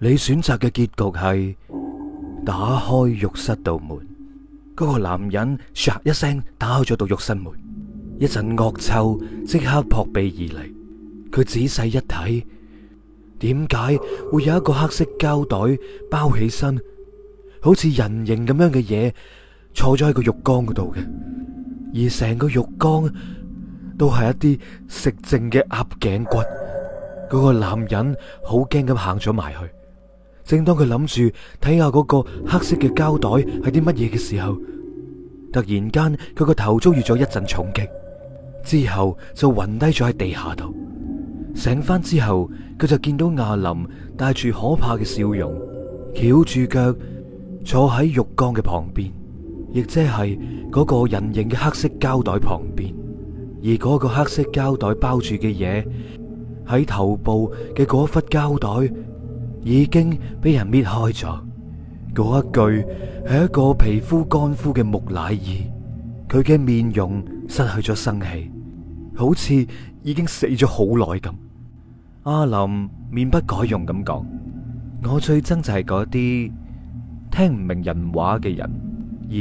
你選擇嘅結局係打開浴室道門，嗰、那個男人唰一聲打開咗道浴室門，一陣惡臭即刻撲鼻而嚟。佢仔細一睇，點解會有一個黑色膠袋包起身，好似人形咁樣嘅嘢坐咗喺個浴缸嗰度嘅？而成個浴缸都係一啲食剩嘅鴨頸骨。嗰、那個男人好驚咁行咗埋去。正當佢諗住睇下嗰個黑色嘅膠袋係啲乜嘢嘅時候，突然間佢個頭遭遇咗一陣重擊，之後就暈低咗喺地下度。醒翻之後，佢就見到亞林帶住可怕嘅笑容，翹住腳坐喺浴缸嘅旁邊，亦即係嗰個人形嘅黑色膠袋旁邊。而嗰個黑色膠袋包住嘅嘢，喺頭部嘅嗰忽膠袋已經俾人搣開咗，嗰一具係一個皮膚乾枯嘅木乃伊，佢嘅面容失去咗生氣，好似已經死咗好耐咁。阿、啊、林面不改容咁講：我最憎就係嗰啲聽唔明人話嘅人，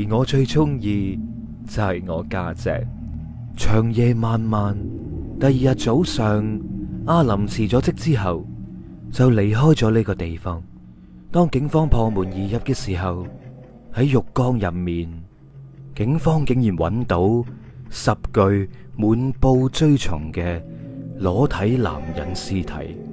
而我最中意就係我家姐，姐。長夜漫漫，第二日早上，阿、啊、林辭咗職之後。就離開咗呢個地方。當警方破門而入嘅時候，喺浴缸入面，警方竟然揾到十具滿佈蛆蟲嘅裸體男人屍體。